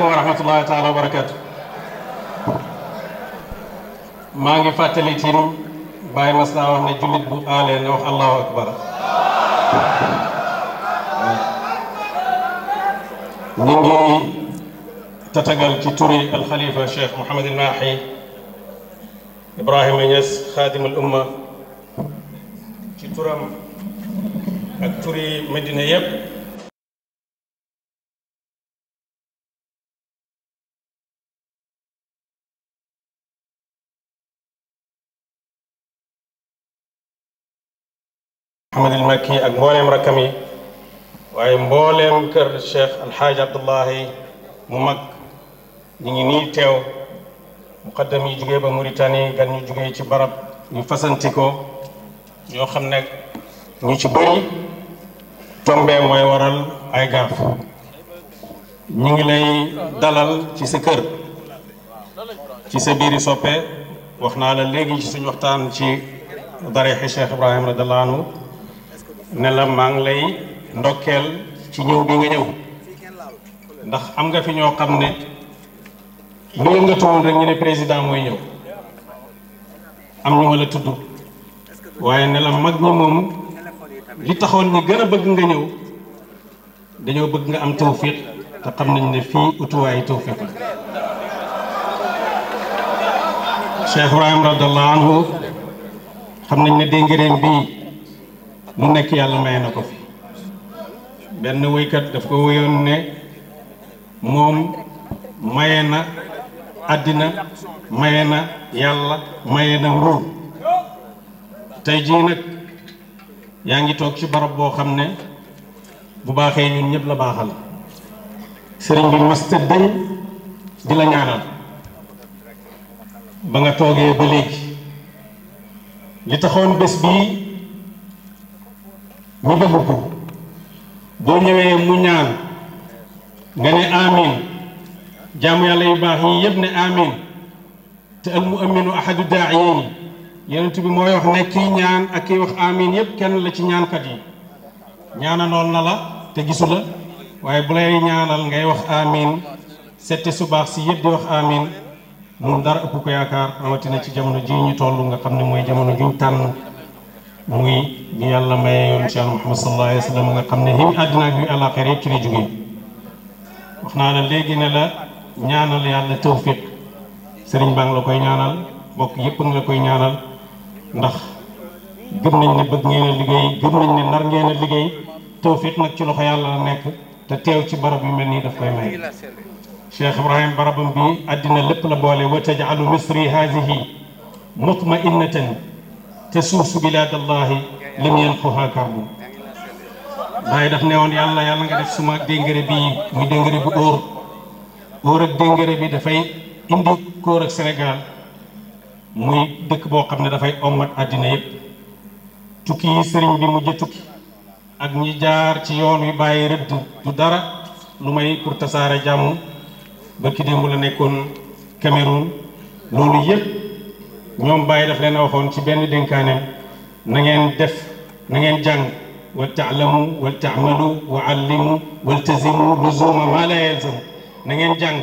aleykum wa rahmatullahi taala wa barakaatu maa ngi fàttali ci bàyyi mas naa wax ne jullit akbar ñu ngi tatagal ci turi alxalifa cheikh Mouhamadul Mahi Ibrahima Niass xaadimul umma ci turam Mouhamadul Makki ak mbooleem rakkam yi waaye kër Cheikh Alxaaji Abdullahi mu mag ñu ngi nii teew muqaddam yi jugee ba Mauritanie gan ñu jugee ci barab ñu fasantikoo yoo xam ne ñu ci bëri tombee mooy waral ay gaaf ñu ngi lay dalal ci sa kër ci sa yi soppe wax naa la léegi ci suñ waxtaan ci dareexi Cheikh Ibrahima radiallahu anhu ne la maa ngi lay ndokkeel ci ñëw bi nga ñëw ndax am nga fi ñoo xam ne boo yëngatuwoon rek ñu ne président mooy ñëw am ñu ma la tudd waaye ne mag ñi moom li taxoon ñu gën a bëgg nga ñëw dañoo bëgg nga am tawfiq te xam nañ ne fii utuwaayu tawfiq la Cheikh Ibrahim radiyallahu anhu xam nañ ne déngaréem bii mu nekk yàlla may na ko fi benn woykat daf ko woyoon ne moom maye na àddina maye na yàlla maye na ruur tey jii nag yaa ngi toog ci barab boo xam ne bu baaxee ñun ñëpp la baaxal sëriñ bi masta dañ di la ñaanal ba nga toogee ba léegi li taxoon bés bii nga bëgg ko boo ñëwee mu ñaan nga ne amin jaamu yàlla yu baax yi yëpp ne amin te al mu aminu ahadu daayin yonent bi mooy wax nekk kii ñaan ak kiy wax amin yëpp kenn la ci ñaankat yi ñaanaloon na la te gisu la waaye bu lay ñaanal ngay wax amin sette su baax si yëpp di wax amin loolu dara ëpp ko yaakaar rawatina ci jamono ji ñu toll nga xam ne mooy jamono juñ tànn muy yàlla maye yoon ci yàlla Muhammad sallallahu alayhi nga xam ne him àddina ak yu àllaaxira yëpp ci la jógee wax naa la léegi ne la ñaanal yàlla tawfiq sëriñ baa ngi la koy ñaanal bokk yëpp la koy ñaanal ndax gëm nañ ne bëgg ngeen a liggéey gëm nañ ne nar ngeen a liggéey tawfiq nag ci loxo yàlla la nekk te teew ci barab yu mel nii daf koy may Cheikh Ibrahim barabam bi àddina lépp la boole wa taj'alu misri haadihi mutma'innatan te suuf su bilaadallahi lam yanquhaa karbun bàyyi daf ne yàlla yàlla nga def suma déngëre bii muy déngëre bu óor óor ak déngëre bi dafay indi kóor ak Sénégal muy dëkk boo xam ne dafay ommat àddina yëpp tukki yi sëriñ bi mujj tukki ak ñi jaar ci yoon wi bàyyi rëdd du dara lu may pour tasaare jàmm ba ki démb la nekkoon Cameroun loolu yëpp ñoom bàyyi daf leen a waxoon ci benn dénkaaneem na ngeen def na ngeen jàng wal taalamu wal taamalu wa allimu wal tazimu luzuma maa la yelzam na ngeen jàng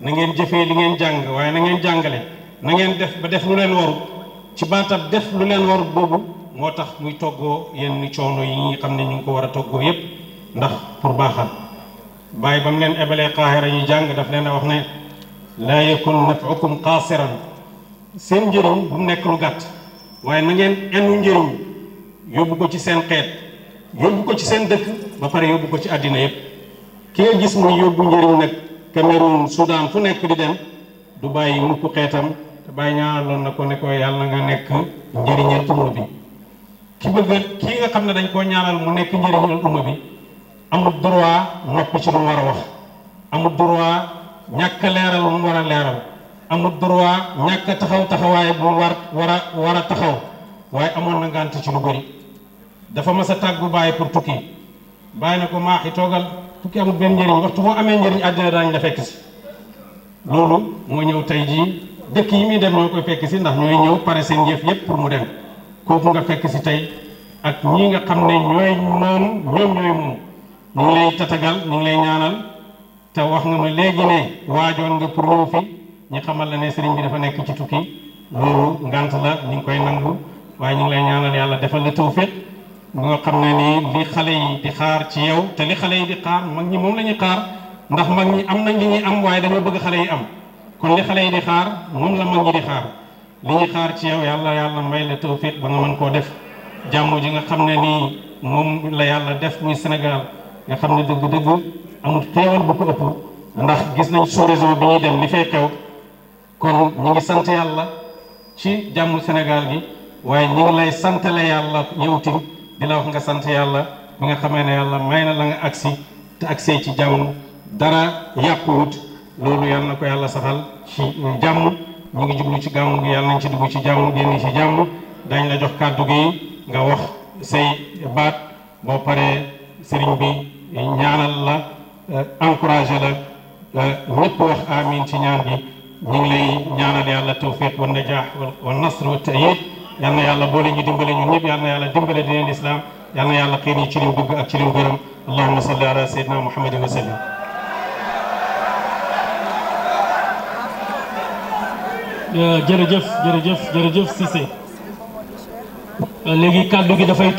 na ngeen jëfee li ngeen jàng waaye na ngeen jàngale na ngeen def ba def lu leen waru ci baatab def lu leen waru boobu moo tax muy toggoo yenn coono yi nga xam ne ñu ngi ko war a toggoo yépp ndax pour baaxal bàyyi ba mu leen ebalee qaahira ñu jàng daf leen a wax ne laa yakun naf'ukum qaasiran seen njëriñ bu mu nekk lu gàtt waaye nangeen ngeen enu njëriñ yóbbu ko ci seen xeet yóbbu ko ci seen dëkk ba pare yóbbu ko ci àddina yépp ki nga gis muy yóbbu njëriñ nag Cameroun Soudan fu nekk di dem du bàyyi mukk xeetam te bàyyi ñaanaloon na ko ne ko yàlla nga nekk njëriñal umma bi ki nga xam ne dañ koo ñaanal mu nekk njëriñal umma bi amul droit noppi ci lu war a wax amul droit ñàkk leeral mu war a leeral amul droit ah. ñàkk a taxaw taxawaay bu war war a war a taxaw waaye amoon na ngànt ci lu bëri dafa mas a tàggu bàyyi pour tukki bàyyi na ko maaxi toogal tukki amul benn njëriñ waxtu boo amee njëriñ àddina daañu la fekk si loolu moo ñëw tey jii dëkk yi muy dem ñoo koy fekk si ndax ñooy ñëw pare seen yëf yëpp pour mu dem kooku nga fekk si tey ak ñi nga xam ne ñooy moom ñoom ñooy moom ñu ngi lay tatagal ñu ngi te wax nga ma léegi ne nga pour ñi xamal la ne sëriñ bi dafa nekk ci tukki loolu ngant la ñu ngi koy nangu waaye ñu ngi lay ñaanal yàlla defal la tawfiq bu nga xam ne nii li xale yi di xaar ci yow te li xale yi di xaar mag ñi moom la ñuy ndax mag ñi am nañ am waaye dañoo bëgg xale yi am kon li yi di xaar moom la mag ñi di xaar li ci yow yàlla yàlla may la tawfiq ba nga mën koo def jàmm ji nga xam ne nii moom la yàlla def muy Sénégal nga xam ne dëgg-dëgg amul teewal bu ko ëpp ndax gis nañ sous-région bi ñuy dem li fay xew kon ñi ngi sant yàlla ci jàmm Sénégal gi waaye ñi ngi lay santale yàlla ñëw tim di la wax nga sant yàlla bi nga xamee ne yàlla may na la nga agsi te agsee ci jàmm dara yàquwut loolu yàlla na ko jàmm ñu ngi ci gàmm gi yàlla nañ ci dugg ci jàmm génn ci jàmm dañ la jox kàddu gi nga wax say baat boo paree sëriñ bi ñaanal la encouragé la ñëpp wax amin ci ñaan bi ñu ngi lay ñaanal yàlla tawfiq wa najaax wa nasr wa tayid yal na yàlla boole ñu dimbale ñun ñëpp yal na yàlla dimbale dineen islam yal na yàlla xiir ñu ci liw dugg ak ci liw gërëm allahuma salli ala sayyidina muhammadin wa sallim jërëjëf jërëjëf jërëjëf Cissé léegi kàddu gi dafay